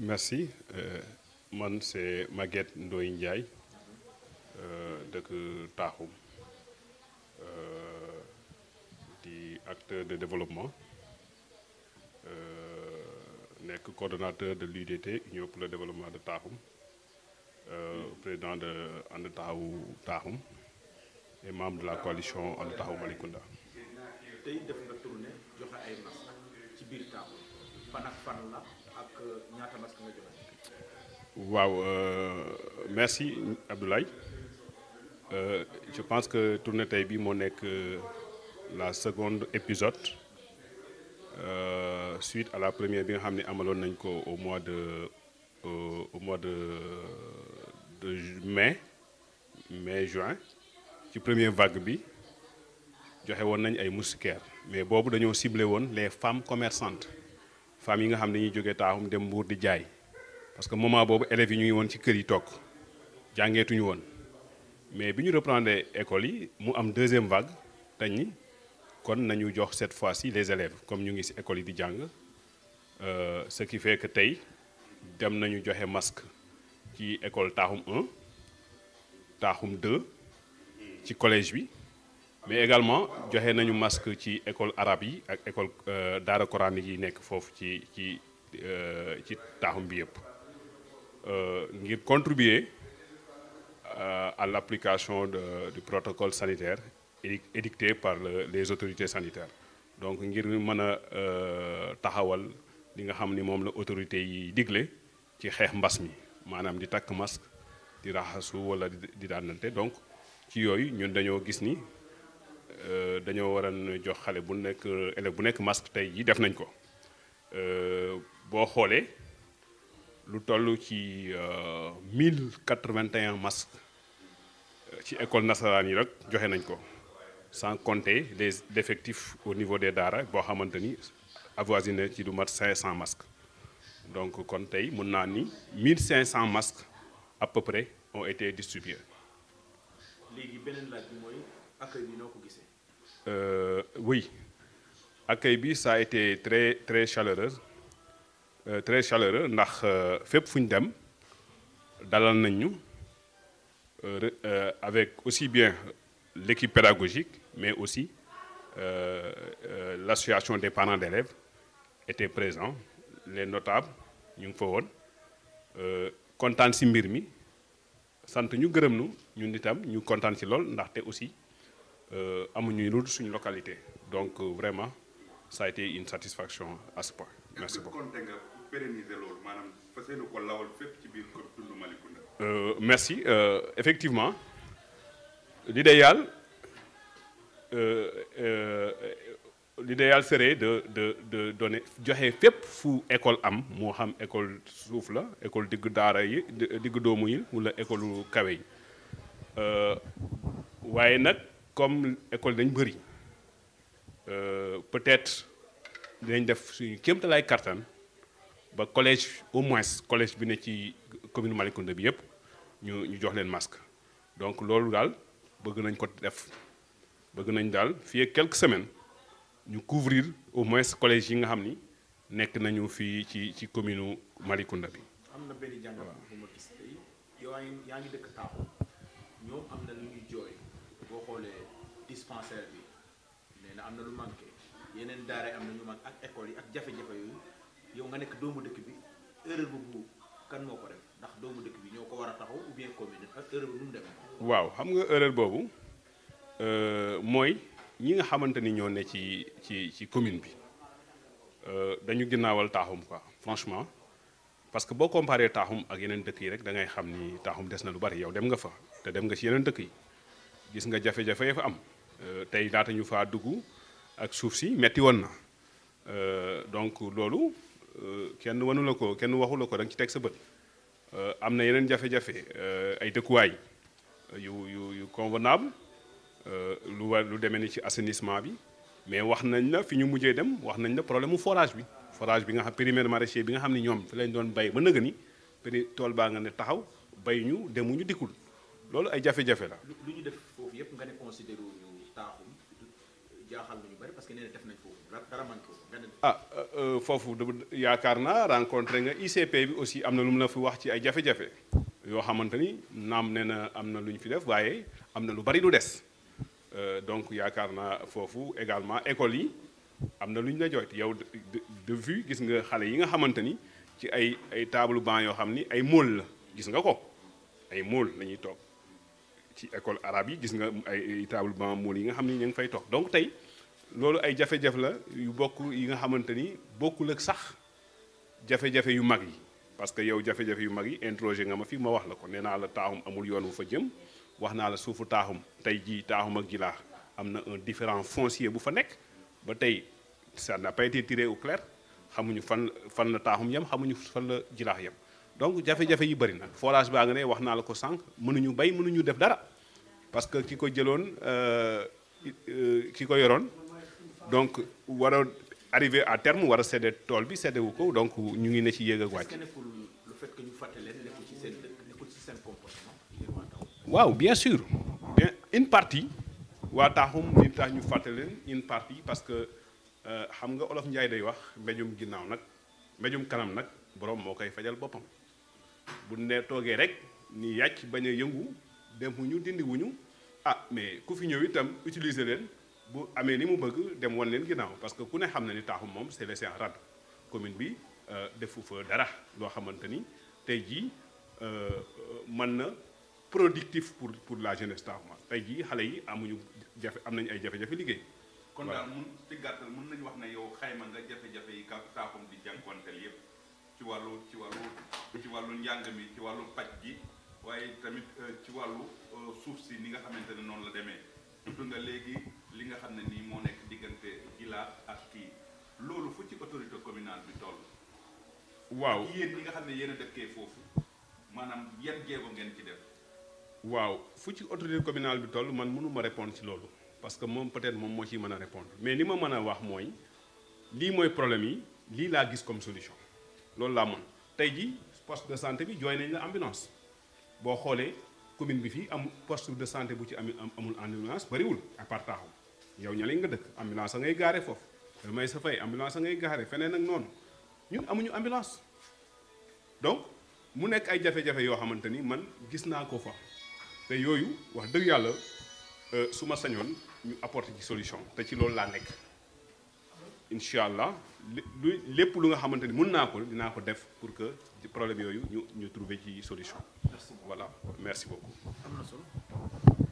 merci euh, man c'est Maguette Ndoye Ndiaye euh, dëkk Taaxum euh, di acteur de développement nekk coordonnateur de l'UDT Union pour le développement de Taaxum président de And Taxawu Taaxum et membre de la coalition And Taxawu Malicounda tey waaw euh, merci Abdoulaye euh, je pense que tournée tey bi moo nekk euh, la seconde épisode euh, suite à la première bi nga xam ne amaloon nañ ko au mois de euh, au mois de de mai mai juin ci première vague bi joxe woon nañ ay moustiquaires mais boobu dañoo ciblé woon les femmes commerçantes femmes yi nga xam dañuy jógee taaxum dem mbuur di jaay parce que moment boobu élèves yi ñu ngi woon ci kër yi toog jàngeetuñu woon mais bi ñu reprendre école yi mu am deuxième vague dañ ni kon nañu jox cette fois-ci les élèves comme ñu ngi si école yi di jàng euh, ce qui que tey dem nañu joxe masque ci école taaxum 1 taaxum 2 ci collège bi mais également joxe nañu masque ci école arabe yi ak école euh, daara coranique yi nekk foofu ci ci euh, ci taaxum bi yëpp euh, ngir contribuer à l' application du protocole sanitaire édicté par les autorités sanitaires donc ngir mën a taxawal li nga xam ni moom la autorités yi digle ci xeex mbas mi maanaam di takk masque di raxasu wala di daanante donc ci yooyu ñun dañoo gis ni Euh, dañoo waroon jox xale bu nekk élève bu nekk masque tey yi def nañ ko euh, boo xoolee lu toll ci euh, quatre 1081 masques ci école nasaraan yi rek joxe nañ ko sans compter les effectifs au niveau des daara boo xamante ni avoisiné ci du mat 500 masques donc kon tey mun naa ni mille cinq cent masques à peu près ont été distribués. léegi Euh, oui, accueil bi ça a été très très chaleureux euh, très chaleureux ndax euh, fépp fu ñu dem dalal nañ ñu avec aussi bien l'équipe pédagogique mais aussi l'association des parents d'élèves était présent les notables ñu ngi fa woon kontaan si mbir mi sant ñu gërëm nu ñun itam ñu kontaan si lool ndaxte aussi Euh, amuñuy lu suñu localité donc euh, vraiment ça a été une satisfaction à ce point. merci beaucoup est-ce que nga pérenniser loolu maanaam fas yéene ko lawal fépp ci biir kër euh, de de de donner joxe fépp fu école am moo xam école suuf la école diggu daara yi diggu doomu yi wala école kawe yi waaye nag. comme école dañ bëri euh, peut-être dinañ def suñu kéemtalaay kartan ba collège au moins collège bi ne ci commune Malicounda bi yëpp ñu ñu jox leen masque donc loolu daal bëgg nañ ko def bëgg nañ daal fii quelque quelques ñu couvrir au moins collège yi nga xam ni nekk nañu fii ci ci commune u Malicounda bi. am na benn jàngat yow yaa boo xoolee dispensaire bi nee na am na lu manqué yeneen daara am na ñu manqué ak école yi ak jafe-jafe yooyu yow nga nekk doomu dëkk bi erreur boobu kan moo ko def ndax doomu dëkk bi ñoo ko war a taxaw ou bien commune ak erreur bi waaw xam nga erreur boobu euh, mooy ñi nga xamante ni ñoo ne ci ci ci commune bi euh, dañu ginnaawal taaxum quoi franchement parce que boo comparé taaxum ak yeneen dëkk yi rek dangay xam ni taaxum des na lu bari yow dem nga fa te dem nga ci yeneen dëkk yi. gis nga jafe-jafe ya fa am euh, tey laata ñu faa dugg ak suuf si metti woon na euh, donc loolu euh, kenn wanu la ko kenn waxu la ko da ci teg sa bët am na yeneen jafe-jafe ay dëkkuwaay yu yu yu convenable lu war lu demee ni ci assainissement bi mais wax nañ la fi ñu mujjee dem wax nañ la problème mu forage bi forage bi nga xam périmètre maraîcher bi nga xam ne ñoom fi lañ doon bay ba nëga ni péri tool baa nga ne taxaw bay ñu demuñu dikkul loolu ay jafe-jafe la. lu ñu def foofu yëpp nga ne considéré ñu taaxum parce que def nañ foofu dara ah euh, euh, foofu yaakaar naa rencontré nga ICP bi aussi am na lu mu la fi wax ci ay jafe-jafe yoo xamante ni naam ne na am na lu ñu fi def waaye am na lu bari lu des euh, donc yaakaar naa foofu également école yi am na lu ñu la jooyt yow de vue gis nga xale yi nga xamante ni ci ay ay table banc yoo xam ni ay móol la gis nga ko ay móol lañuy toog. ci école arabe yi gis nga ay table banc mool yi nga xam ni ñu ngi fay toog donc tey loolu ay jafe-jafe la yu bokk yi nga xamante ni bokkul ak sax jafe-jafe yu mag yi parce que yow jafe yu mag yi introgé nga ma fi ma wax la ko nee naa la taaxum amul yoon wu fa jëm wax naa la suufu taaxum tey jii taaxum ak jilaax am na un différent foncier bu fa nekk ba tey ça n'a pas été tiré au xamuñu fan fan la taaxum yem xamuñu fan la jilaax yem donc jafe-jafe yi bëri nag forage baa nga ne wax naa la ko sànq mënuñu bay mënuñu def dara parce que ki ko jëloon euh, euh, ki ko yoroon donc war a arrivé à terme war a séddee tool bi séddee ko donc ñu ngi ne ci yéeg ak wàcc. waaw bien sûr bien une partie waa taaxum li tax ñu fàtte leen une partie parce que euh, xam nga olof Njaay day wax mbéjum ginnaaw nag mbéjum kanam nag boroom moo koy fajal boppam. bu ne toogee rek ni yàcc bañ a yëngu demuñu ñu wuñu ah mais ku fi ñëw itam utiliser leen bu amee ni mu bëgg dem wan leen ginnaaw parce que ku ne xam na ni taaxum moom c'est laissé en rade commune bi euh, defu fa dara loo xamante ni tey jii euh, euh, mën na productif pour pour la jeunesse taaxumaat tey jii xale yi amuñu jafe am nañu ay jafe-jafe liggéey. kon daal mun ci gàttal mën nañu wax ne yow xayma nga jafe-jafe yi ka taaxum di jànkuwanteel yépp ci wàllu ci wàllu ci wàllu njàng mi ci wàllu paj gi waaye tamit euh, ci wàllu euh, suuf si ni nga xamante ne noonu la demee tudd nga léegi li nga xam ne nii moo nekk diggante Gila ak kii loolu fu ci autorité communale bi toll waaw yéen ñi nga xam ne yéen a dëkkee foofu maanaam yan jéego ngeen ci def waaw fu ci autorité communale bi toll man mënu ma répondre ci loolu parce que moom peut-être moom moo ciy mën a répondre mais li ma mën a wax mooy lii mooy problème yi lii laa gis comme solution loolu laa moon tey ji poste de santé bi jooy nañ la ambulance boo xoolee commune bi fii am poste de santé bu ci am amul ambulance bariwul à part taaxu yow ña lañ nga dëkk ambulance a ngay gaare foofu da may sa fay ambulance a ngay gaare feneen ak noonu ñun amuñu ambulance donc mu nekk ay jafe-jafe yoo xamante ni man gis naa ko fa te yooyu wax dëgg yàlla euh, su ma sañoon ñu apporte ci solution te ci loolu laa nekk incha allah lu lépp lu nga xamante ni mën naa ko dinaa ko def pour que ci problème yooyu ñu ñu trouver ci solution. voilà merci beaucoup. am na solo.